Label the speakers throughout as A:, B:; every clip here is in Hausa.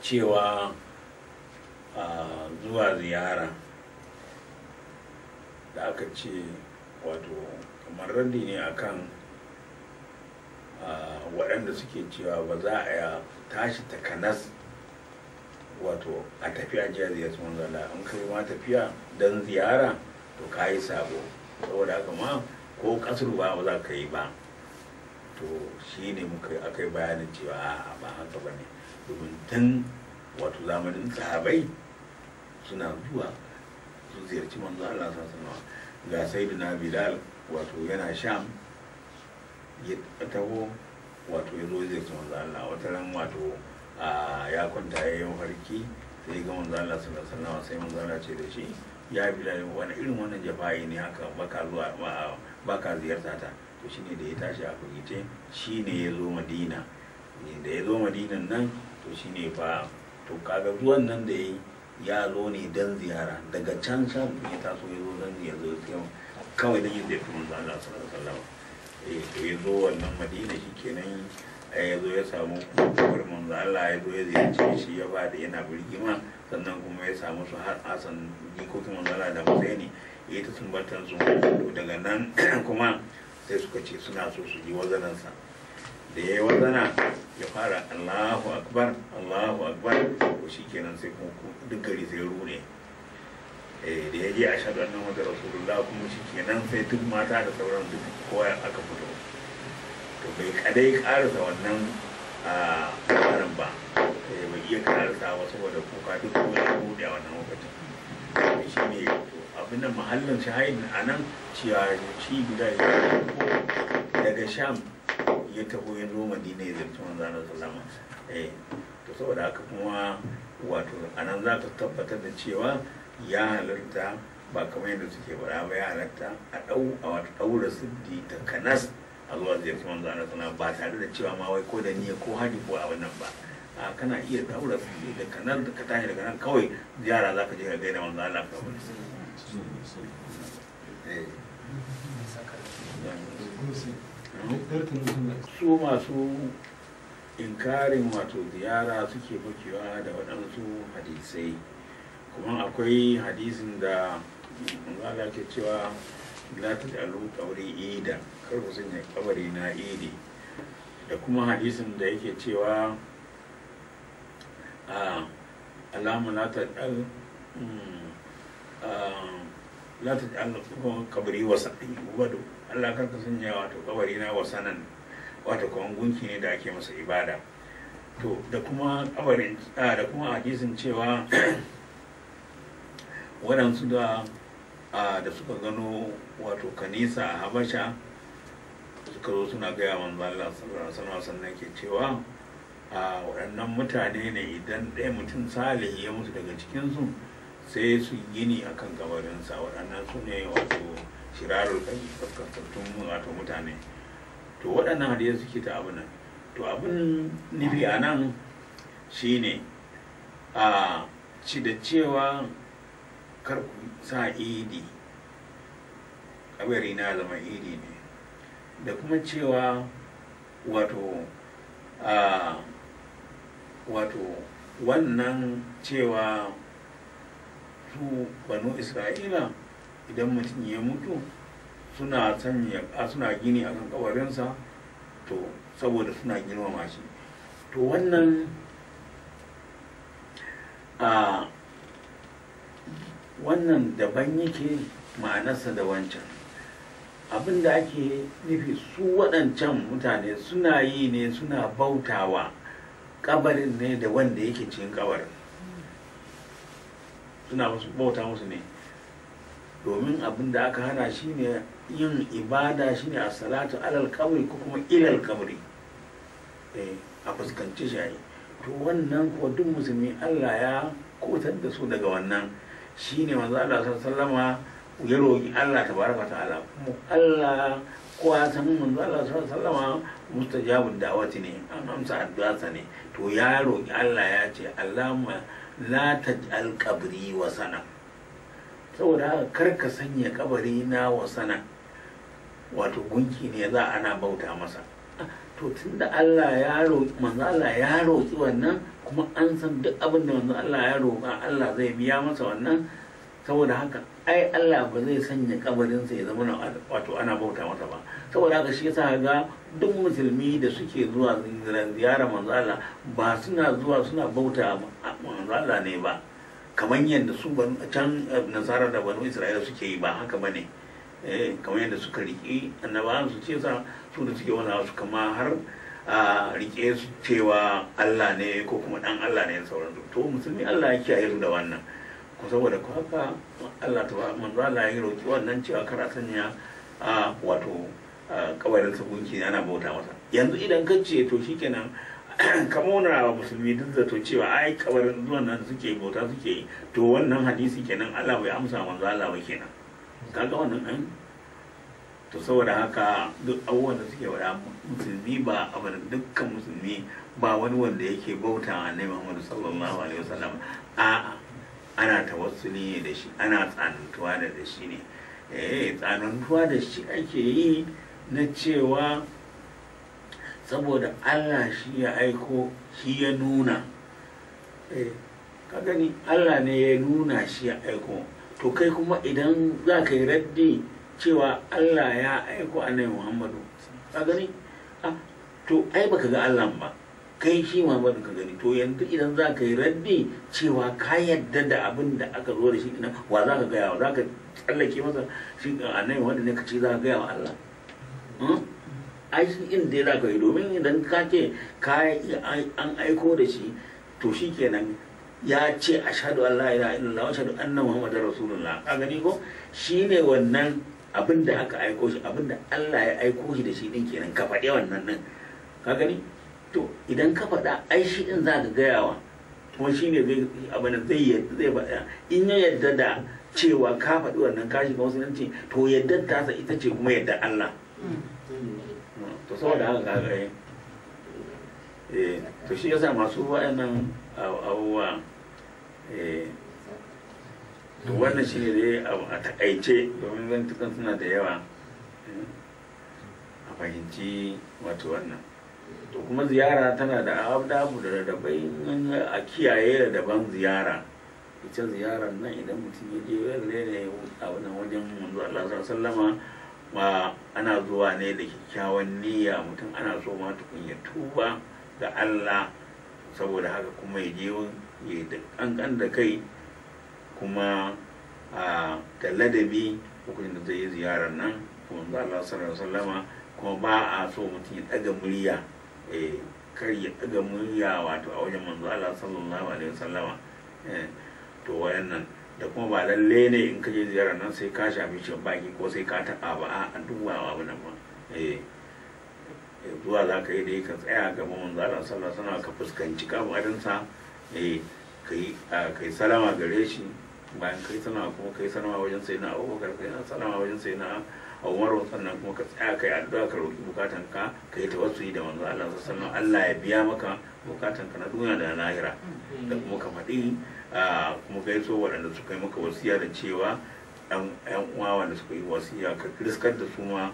A: cewa zuwa ziyara da aka ce wato kamar raddi ne akan waɗanda suke cewa ba za a ya tashi takanas wato a tafiya jiya su manzala in kai ma tafiya don ziyara to ka yi sabo saboda haka ma ko kasar ba za ka yi ba to shi ne muka aka yi bayanin cewa a ba haka ba ne domin tun wato zamanin sahabai suna zuwa su ziyarci manzo Allah sallallahu ga sayyidina Bilal wato yana Sham ya taho wato ya zo ziyarci manzo Allah wata ran wato ya kwanta ya yi farki sai ga manzo Allah sallallahu alaihi wasallam sai manzo Allah ce da shi ya Bilal wani irin wannan jafa'i ne haka baka zuwa baka ziyarta ta to shine da ya tashi a kugice shine ya zo Madina da ya zo Madinan nan to ne fa to kaga zuwan nan da ya zo ne dan ziyara daga can sha ya taso ya zo dan ya zo kawai yin da ya fi manzo Allah sallallahu alaihi wasallam eh, ya zo wannan Madina kenan eh, ya zo ya samu kuwar manzo Allah ya zo ya ziyarci shi ya ba da yana birgima sannan kuma ya samu su har asan jikokin manzo Allah da ne ya yi ta sumbantar su daga nan kuma sai suka ce suna so su ji wazanansa da ya yi wazana ya fara allahu akbar allahu akbar ko shi kenan sai kuma duk gari sai rune eh, da ya je a shaɗar nan wata rasulullah kuma shi kenan sai duk mata da sauran duk koya aka fito to bai kadai karasa wannan a tsarin ba eh, bai iya karasa ba saboda kuka duk kuma ya buɗe a wannan lokacin shi ne abin nan mahallin shahayin a nan shi guda ya daga sham ya taho ya zo madina ya zarci wanda Allah sallama eh to saboda haka kuma wato anan za ka tabbatar da cewa ya halarta ba kamar yadda suke bara ba ya halarta a ɗau a wata daura siddi ta kanas a zuwa zarci manzo da zama ba tare da cewa ma wai ko da niyya ko hadi ko a wannan ba a kana iya daura siddi da kanan da ka tashi daga nan kawai yara za ka je ka gaida da Allah wani eh su masu inkarin wato ziyara suke bakewa da waɗansu hadisai kuma akwai hadisin da Allah ke cewa la ta alu kauri ida kar ku sanya kabari na idi da kuma hadisin da yake cewa a ah, alamu la Za ta ja'al kuma kabari wasan do. Allah karka sanya wato kabari na wasanan wato kaman gunki ne da ake masa ibada to da kuma kabarin da kuma hadisin cewa waɗansu da da suka gano wato kanisa a habasha suka zo suna gaya manzo Allah sallallahu alaihi sannan ke cewa a waɗannan mutane ne idan ɗaya mutum salihi ya mutu daga cikinsu sai su gini a kan gabarinsa waɗannan su ne wato shirarul kai fuskantattun wato mutane to waɗannan hadiyar suke ta abu nan to abin nufi a nan shi ne a ci da cewa karku sa idi kabari na zama idi ne da kuma cewa wato a wato wannan cewa su banu isra'ila idan mutum ya mutu suna sanya a suna gini akan kawarinsa to saboda suna girmama shi to wannan a wannan daban yake ma'anarsa da wancan abin da ake nufi su waɗancan mutane suna yi ne suna bautawa kabarin ne da wanda yake cikin kabarin suna bauta musu ne domin abin da aka hana shi ne yin ibada shi ne a salatu alal kabri ko kuma ilal kabri eh, a fuskanci shayi to wannan ko duk musulmi allah ya kotar da su daga wannan shi ne manzo allah sallama ya roƙi allah ta tabaraka ala kuma allah kowa ya san manzo allah sallama mustajabun da'awati ne an amsa addu'a ne to ya roƙi allah ya ce allahumma la ta alkabri wa sana saboda haka kar ka sanya kabari na wa sana wato gunki ne za ana bauta masa to tunda Allah ya roƙi manzo Allah ya roƙi wannan kuma an san duk abin da manzo Allah ya roƙa Allah zai biya masa wannan saboda haka ai Allah ba zai sanya kabarinsa ya zama wato ana bauta masa ba saboda haka shi yasa ga duk musulmi da suke zuwa ziyara manzala ba suna zuwa suna bauta manzala ne ba kamar yadda su ban, can eh, nasara da banu isra'ila suke yi ba haka ba ne eh, kamar yadda suka riƙe annabawan su ce sa su da suke wani su kama har a riƙe su cewa allah ne ko kuma dan allah ne sauran su to musulmi allah ya kiyaye su da wannan ko saboda ko haka allah ta manzo allah ya roƙi wannan cewa kar a sanya wato kabarin gunki ana bauta masa yanzu idan ka ce to shikenan kamar wa musulmi duk zato cewa ai kabarin zuwan nan suke bauta suke yi to wannan hadisi kenan Allah bai amsa manzo Allah ba kenan kaga wannan an to saboda haka duk abubuwan da suke wada musulmi ba abin dukkan musulmi ba wani wanda yake bauta a nai Muhammadu sallallahu alaihi wasallam a ana tawassuli da shi ana tsanantuwa da shi ne eh tsanantuwa da shi ake yi na cewa saboda Allah shi ya aiko shi ya nuna eh, ka gani Allah ne ya nuna shi ya aiko to kai kuma idan za ka yi raddi cewa Allah ya aiko annabi Muhammadu ka gani ah, to ai baka ga Allah ba kai shi Muhammadu ka gani to yanzu idan za ka yi raddi cewa ka yadda da abin da aka zo da shi wa za ka gaya wa za ka tsallake masa shi annabi Muhammadu ne ka ce za ka gaya wa Allah Hmm? ai shi inda ya zaka yi domin idan ka ce an aiko da shi to shi kenan ya ce ashadu an la ilaha illallah wa ashadu annan Muhammadu rasulullah a gani ko shi ne wannan abin da aka aiko shi abin da Allah ya aiko shi da shi din kenan ka faɗi wannan nan ka gani to idan ka faɗa ai shi din za ka gayawa kuma shi ne zai abin zai zai faɗa in ya yarda da cewa ka faɗi wannan kashi ka wasu nan ce to yadda ta ita ce kuma yadda Allah to saboda haka kaga eh to shi yasa masu wa'annan abubuwa to wannan shi ne dai a takaice domin zantukan suna da yawa a fahimci wato wannan to kuma ziyara tana da abu da dabai a kiyaye da daban ziyara ita ziyarar nan idan mutum ya je ne a wannan wajen manzo Allah sallama ma ana zuwa ne da kyakkyawan niyya mutum ana so ma tukun ya tuba ga Allah saboda haka kuma ya je ya da kankan da kai kuma a da ladabi lokacin da zai yi ziyarar nan kuma za Allah sallallahu sallama kuma ba a so mutum ya ɗaga murya eh, kar ya ɗaga murya wato a wajen manzo Allah sallallahu alaihi wasallama eh, to wayannan da kuma ba lalle ne in ka je ziyarar nan sai ka shafi shan baki ko sai ka taɓa ba a duk ba abu nan ba eh, eh, zuwa za ka yi dai ka tsaya gaban manzalar sallah sana ka fuskanci kabarinsa eh, ka yi salama gare shi bayan kai salama kuma kai salama wajen sai na abubakar kai salama wajen sai na umaru sannan kuma ka tsaya kai addu'a ka roki bukatan ka kai tawassuli da manzo Allah sannan Allah ya biya maka bukatan ka na duniya da na lahira da kuma ka faɗi kuma gaiso waɗanda suka yi maka wasiya da cewa yan uwa wanda suka yi wasiya ka kiriskar da su ma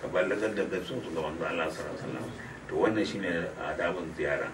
A: ka ballagar da gaisun su ga wanzu Allah sallallahu to wannan shine adabin ziyara